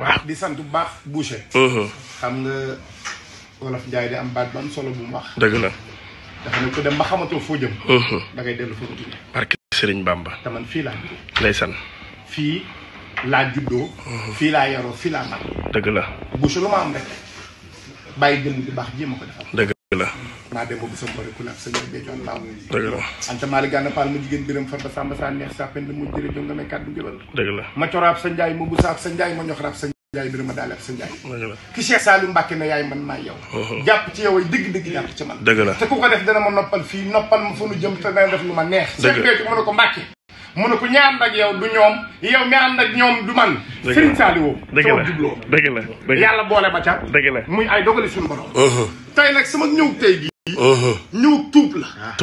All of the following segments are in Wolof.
waaw di sant bu baax Boucher. Uh-huh. xam nga wolof Njaay di am baat bu am solo bu mu wax. dëgg la. dafa ne ko dem ba xamatoo foo jëm. Uh-huh. da ngay dellu foo jëm. barke Serigne Bamba. te man fii laa juddoo. ndeysaan. fii laa uh-huh. laa yaroo fii laa mag. dëgg la. Boucher lu ma am rek bàyyi jënd bu baax jéem a ko defal. dëgg la. maa dem ba bu sa mbor ku laaf sa ñoom Béthio Ndao. dëgg la Anta Malick Gana Fall mu jigéen biram farba samba saa neex saa pend mu jëre jonga may kàddu jëlal. dëgg la ma coraab sa njaay ma bu saab sa njaay ma ñox raab sa njaay birama daal ak sa njaay. dëgg la ki Cheikh Saliou Mbacke ne yaay man maay yow. Oh, oh. jàpp ci yow ay dëgg-dëgg jàpp ci man. dëgg la te ku ko def dana ma noppal fii noppal ma fu nu jëm te dana def lu ma neex. dëgg la Cheikh Béthio mën na ko Mbacke mu ne ko ñi ànd ak yow du ñoom yow mi ànd ak ñoom du man Serigne Saliou dëgg la jubloo dëgg la yàlla boole ba ca dëgg la muy ay dogali suñu borom oh, tey nag sama ñëw tey gi Uh-huh. ñëw tuub la. Ah.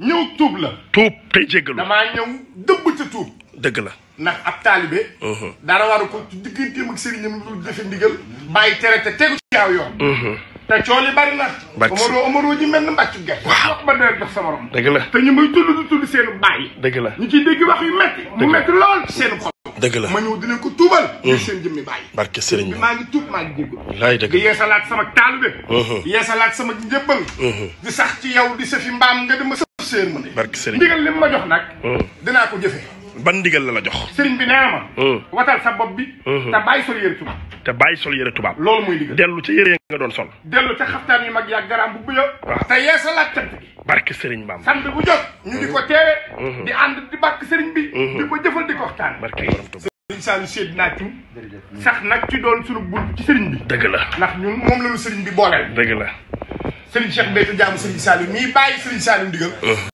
ñëw tuub la. tuub tey jéggalu. ñëw dëbb ca tuub. dëgg la ndax ab taalibe. Uh-huh. dara waru ko ci digganteem ak sëriñam lu defe ndigal. bàyyi tere te tegu ci gaaw yoon. Uh-huh. te cool yi bari na. bari si Omaro Omaro ji ba doy dox sa morom. dëgg la te ñu muy tudd du tudd seenu bàyyi. dëgg la ñu ciy dégg wax yu metti mu metti lool seenu xol. dëgg la ma ñëw dinañ ko tuubal ngir seen jëmmi bàyyi barke sëriñ bi maa ngi tuub maa ngi jégg laay dëgg di yeesalaat sama taalube yeesalaat sama njëbbal di sax ci yow di sa fi mbaam nga dama sa séer mu ne barke sëriñ ndigal li ma jox nag dinaa ko jëfe ban ndigal la la jox sëriñ bi nee ma watal sa bopp bi te bàyyi sol yëre tubaab dellu ca yëre nga doon sol dellu ca xaftaan yu mag yaag garaam bu bëya te yeesalaat cant barke sëriñ mbaam sant bu jot ñu di ko teewe di ànd di bàkk sëriñ di ko jëfal di ko waxtaan. sëriñ Saliou Seydou Nathim sax nag ci doon sunu bunt ci sëriñ bi. dëgg la ndax ñun moom la ñu sëriñ bi booleel. dëgg la. sëriñ Cheikh Béthio jaamu sëriñ Saliou mii bàyyi sëriñ Saliou ndigal. Uh-huh.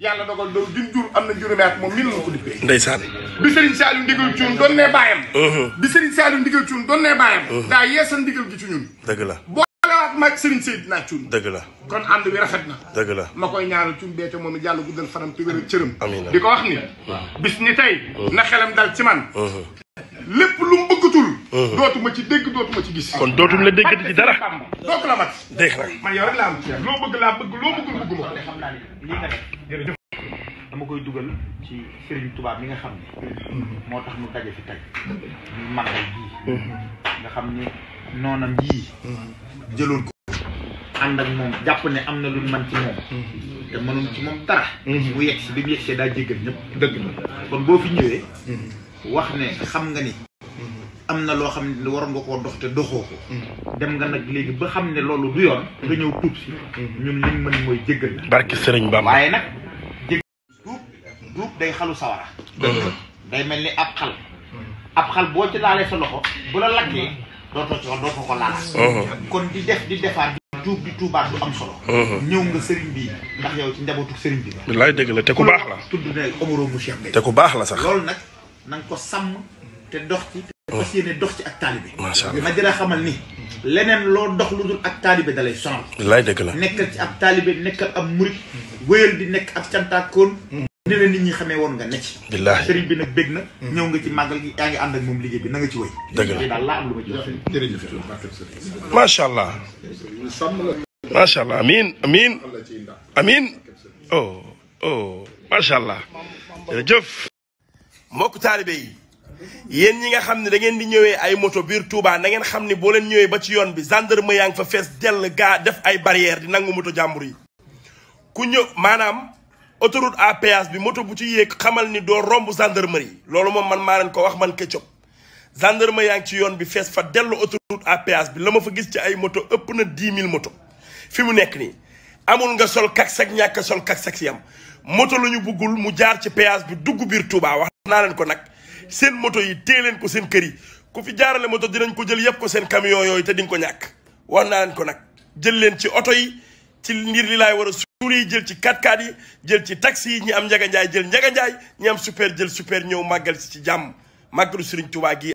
yàlla dogal doon jun jur am na juróomi at moom mil na ko dippee. ndeysaan. bi sëriñ Saliou ndigal cuun doon nee bàyyam. Uh-huh. bi sëriñ Saliou ndigal cuun doon nee bàyyam. Uh-huh. daa yeesal ndigal gi ci ñun. dëgg la. mag mag Serigne Seydina Thioune. dëgg la kon ànd bi rafet na. dëgg la ma koy ñaanal Thioune Béthio moom it yàlla guddal fanam te wéral cërëm. amiin di ko wax ni. bis ni tey. na xelam dal ci man. lépp lu mu bëggatul. dootuma ci dégg dootuma ci gis. kon dootum la déggati ci dara. dootu la mat. dégg na man yow am ci loo bëgg koy dugal ci Serigne Touba nga xam mm-hmm. moo tax mu daje fi tey. ñu mm-hmm. nga xam ni. noonam yii mm-hmm. jëloon ko ànd moom jàpp ni am na lu man ci moom mm-hmm. te mënul ci moom dara mm-hmm. mu yegg si bi mu yegg see daa jéggal dëgg la wax ne xam am na loo xam ne waroon nga koo dox te doxoo ko dem nga nag léegi ba xam ne loolu du yoon nga ñëw tuub si ñun liñ mën mooy jéggal la barki sëriñ ma waaye nag jéggal duub day xalu sawara day mel ni ab xal ab xal boo ci laalee sa loxo bu la lakkee dootoo ci woon dootoo ko laalaat. Uh-huh. kon di def di defaat di tuub di tuubaat du am solo. Uh-huh. ñëw nga sëriñ bi ndax yow ci njabootu sëriñ bi. wallaay dëgg la te ku baax la tudd na Omaro mu Cheikh Mbaye te ku baax la sax lool nag na nga ko sàmm te dox ci. te uh-huh. fas yéene dox ci ak taalibe. macha allah ma dina xamal ni. leneen loo dox lu dul ak taalibe dalay sonal. wallaay dëgg la nekkal ci ab taalibe nekkal ab murit wéyal di nekk ab cantaakoon. ni la nit xamee woon ne ci. billaahi sëriñ bi nag bég na. ñëw nga ci màggal gi yaa ngi bi na nga ci wéy. dëgg la daal laa am lu ma macha allah. macha allah amiin amiin amiin oh oh macha allah jërëjëf. mbokk taalibe yi yéen ñi nga xam ne da ngeen di ñëwee ay moto biir Touba na ngeen xam ne boo leen ñëwee ba ci yoon bi gendarme yaa ngi fa fees dell gaa def ay barrière di nangu moto jàmbur yi ku ñëw maanaam. autoroute à péage bi moto bu ci yéeg xamal ni doo romb yi loolu moom man maa leen ko wax man Ketchup gendarmerie yaa ngi ci yoon bi fees fa dellu autoroute à péage bi la ma fa gis ci ay moto ëpp na dix mille moto fi mu nekk nii amul nga sol kaks ak ñàkk sol kaks ak si am moto la ñu buggul mu jaar ci péage bi dugg biir Touba wax naa leen ko nag seen moto yi tée leen ko seen kër yi ku fi jaarale moto dinañ ko jël yëpp ko seen camion yooyu te di ko ñàkk wax naa ko nag jël leen ci oto yi ci ngir li war touré jël ci 4x4 yi jël ci taxi yi ñi am njaganjaay jël njaganjaay ñi am super jël super ñëw màggal ci jàmm màggalu Serigne Touba gi